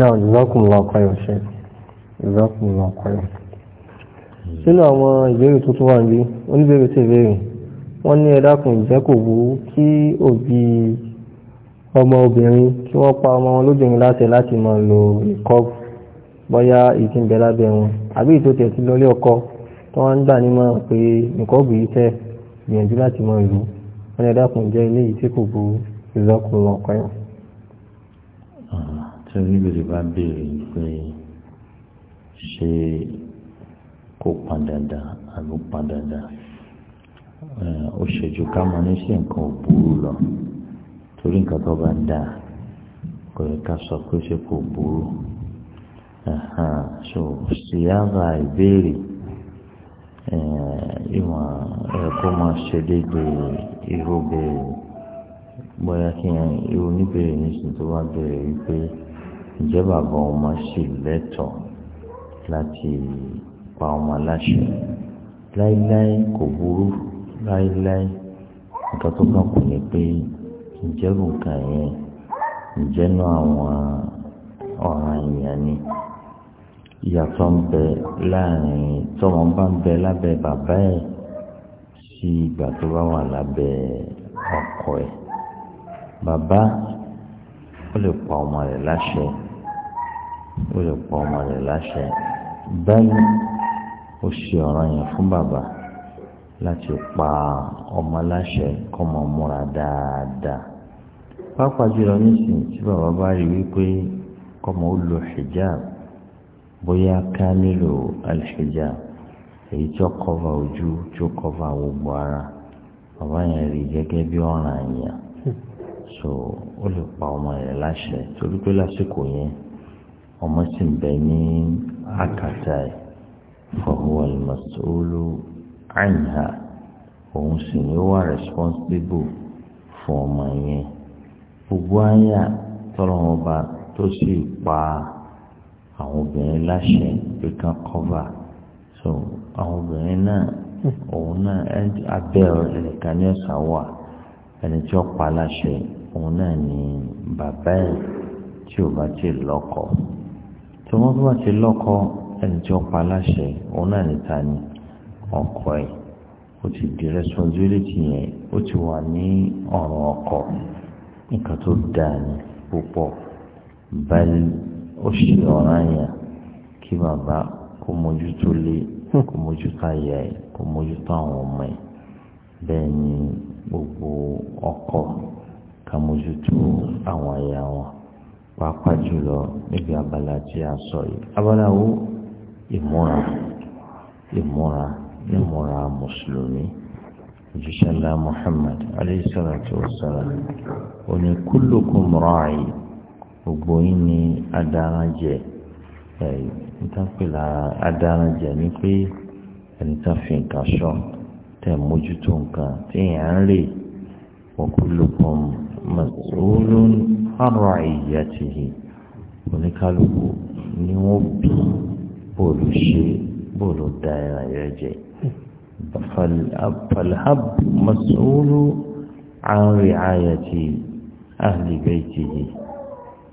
náà ìzọ́kùn lọ kọyọ̀ ṣe ìzọ́kùn lọ kọyọ̀ sínú àwọn ìbéèrè tó tún wà ní oníbèrè sí ìbéèrè wọ́n ní ẹ̀dákùn ìjẹ́ kò wú kí òbí ọmọ obìnrin kí wọ́n pa ọmọ wọn lóbìnrin láti láti máa lo ìkọ́bù bọ́yá ìtìǹbẹ̀ lábẹ́ wọn àbí ìtòtẹ̀ ti lọlé ọkọ tó wọ́n ń gbà nímọ̀ pé ìkọ́bù yìí tẹ́ gbìyànjú láti máa lò wọ́n ní ẹ̀dákùn ìjẹ́ ilé yìí tí kò burú ìzọ́kùn lọ́kọ̀ọ́ tí oníbèrè bá béèrè pé ṣé kò pọn dandan àbí pọn dandan ó ṣèjú ká mọ ní sí nǹkan ò burú lọ torí nǹkan tó bá dà kò yẹ ká sọ pé ṣé kò burú so síyára ìbéèrè ìwọ̀n ẹ̀kọ́ máa ṣe déédéé irú béèrè bóyá kí n irú níbèrè nísìnyí tó wá bẹ̀rẹ̀ wípé ǹjẹ́ bàbá ọmọ sì lẹ́tọ̀ọ́ láti pa ọmọ aláṣẹ láíláí kò burú láíláí nǹkan tó kàn kù ni pé ìjẹ́rù nǹkan yẹn ìjẹ́nu àwọn ọ̀ràn èèyàn ni ìyàtọ̀ ń bẹ láàrin tọ́mọ bá ń bẹ lábẹ́ bàbá ẹ̀ sí ìgbà tó bá wà lábẹ́ ọkọ ẹ̀ bàbá ó lè pa ọmọ rẹ̀ láṣẹ ó lè pa ọmọ rẹ̀ láṣẹ bẹ́ẹ̀ni ó ṣe ọ̀ràn yẹn fún bàbá láti pa ọmọ láṣẹ kọ́mọ múra dáadáa pàápàá jùlọ nísìnyí tí bàbá bá rí wípé kọ́mọ ó lo hijab bóyá ká nílò alhijab èyí tí ó kọ́va ojú tí ó kọ́va gbogbo ara bàbá yẹn rí gẹ́gẹ́ bí ọ̀ràn yẹn so ó lè pa ọmọ rẹ̀ láṣẹ torí pé lásìkò yẹn ọmọ sì ń bẹ ní àkàtà ẹ̀ fahuwa al-mas'ulu anha òun sì ni ó wà responsible fún ọmọ yẹn gbogbo àyà tọ́lọ́wọ́n bá tó sì pa àwọn obìnrin láṣẹ pé ká kọ́va so àwọn obìnrin náà òun náà abẹ́ ẹ̀ka ní ọ̀sán wà ẹni tí ó pa aláṣẹ òun náà ni bàbá ẹ̀ tí ò bá ti lọ́kọ tí wọ́n bá ti lọ́kọ ẹni tí ó pa aláṣẹ òun náà ni ta ni ọkọ ẹ̀ ó ti di responsibility yẹn ó ti wà ní ọ̀ràn ọkọ nǹkan tó dáa ni púpọ̀ báyìí ó ṣe ọ̀ràn yẹn kí bàbá kó mójútó lé kó mójútó ayẹ kó mójútó àwọn ọmọ yẹn bẹ́ẹ̀ ni gbogbo ọkọ ká mójútó àwọn aya wọn pàápàá jùlọ níbi abala tí a sọ yìí abala wo ìmúra ìmúra ìmúra mùsùlùmí òjíṣẹ́ ńlá Muhammad alayhi salatu wa òní kullukum ra'i gbogbo yín ni adarajẹ ẹ nítàpẹ́ lára adarajẹ ni pé ẹni tá fi nǹkan sọ tẹ̀ mójútó nǹkan tí èèyàn ń rè ọ̀kúlùkùn mas'ulun an ra'iyatihi oníkálukú ni wọ́n bí bóòlù ṣe bóòlù da ẹran rẹ jẹ falhab mas'ulu an ri'ayati ahli baytihi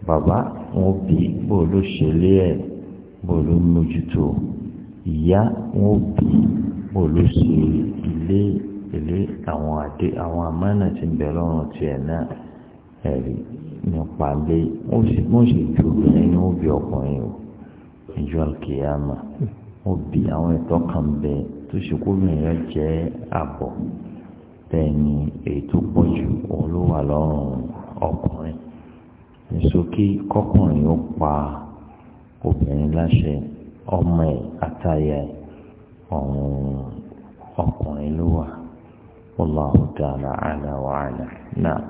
bàbá wọ́n bí bóòlù ṣe lé ẹ̀ bóòlù mójútó ìyá wọ́n bí bó ló ṣe ilé ilé àwọn àdé àwọn àmánà tí ń bẹ lọ́rùn tiẹ̀ náà ẹ̀rí nípa lé wọ́n sì ju obìnrin ní obì ọkùnrin o ìjọ àkèyàmà obì àwọn ẹ̀tọ́ kan bẹ tó ṣe kóbìnrin rẹ jẹ́ àbọ̀ bẹ́ẹ̀ ni èyí tó pọ̀ jù òun ló wà lọ́rùn ọkùnrin nísòkè kọkùnrin ó pa obìnrin láṣẹ ọmọ ẹ̀ àtàyà ẹ̀ ọ̀hún ọkùnrin ló wà wallahu ta'ala ala wa ala náà.